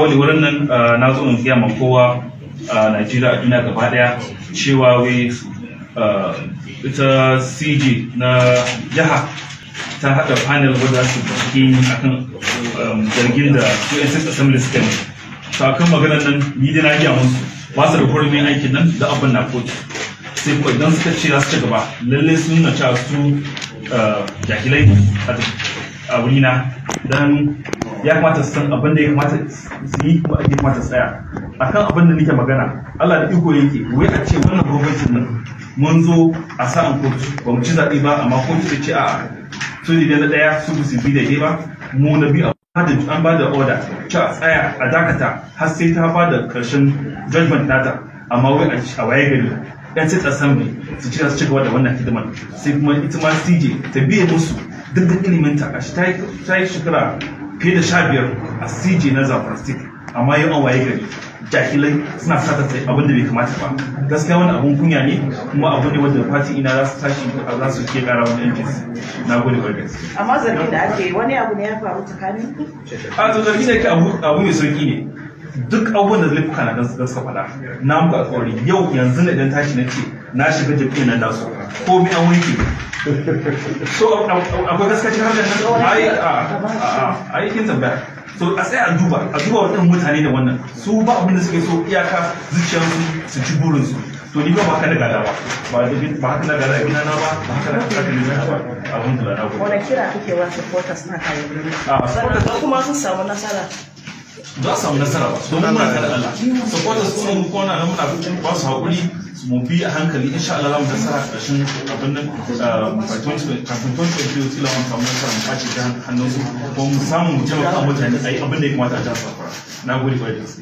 wani wurin nan ah, na zo in gaya ma kowa a ah, Najeriya a duniya gaba daya cewa wai ah, ita CG na jiha ta haɗa panel wadda su bincike akan um, zargin da UNSS Assembly suka ne. kan maganar nan ni dai na gaya musu ba su da hurumin aikin nan da abin na kotu. Sai kuwa idan suka ce za su ci gaba lallai sun nuna cewa su jahilai a wurina don ya kamata su san abin da ya kamata su yi kuma ake kamata su tsaya akan abin da nake magana Allah da iko yake wai a ce wannan gwamnatin nan mun zo a sa an kotu ba mu ci zaɓe ba amma kotu ta ce a su ne na ɗaya su ba su bi da ba mu na bi a an ba da order a tsaya a dakata har sai ta ba da ƙarshen judgment nata amma wai a waye gari yan sai tsasan mai su ci su cigaba da wannan hidimar sai kuma ita ma CJ ta biye musu duk da ilimin ta ta yi shekara fiye da sha biyar a siji na zafar state amma yi awaye waye gari jahilai suna sata sai abin da bai kamata ba gaskiya wani abun kunya ne kuma abu ne wanda fati ina za su tashi za su ke kara wani MPs na gode wa gaske amma zargi da ake wani abu ne ya faru tsakanin ku a to da ke abu mai sauki ne duk abubuwan da kuka na da suka faɗa na muku tsori yau yanzu na idan tashi na ce na shiga jabi na da su ko mi an wanke so akwai gaskaci har da nan ai a ai kin tambaya so a tsaya a duba a duba wannan mutane da wannan su ba abin da suke so iyaka zuciyarsu su ci burinsu to ni ba haka na gada ba ba ba haka na gada ina na ba ba haka na haka na ba abin da na ko wani kira kake wa supporters na kayan a supporters kuma sun samu nasara za su samu nasara ba domin muna tare Allah supporters ko mu ko na muna ba su hakuri mu bi a hankali insha Allah za mu nasara karshen abin nan kafin 2022 kila mun samu nasara mu face ta hannun su ko mu samu mu taimaka mutane ai abin da ya kamata a jasa na gode kwarai da gaske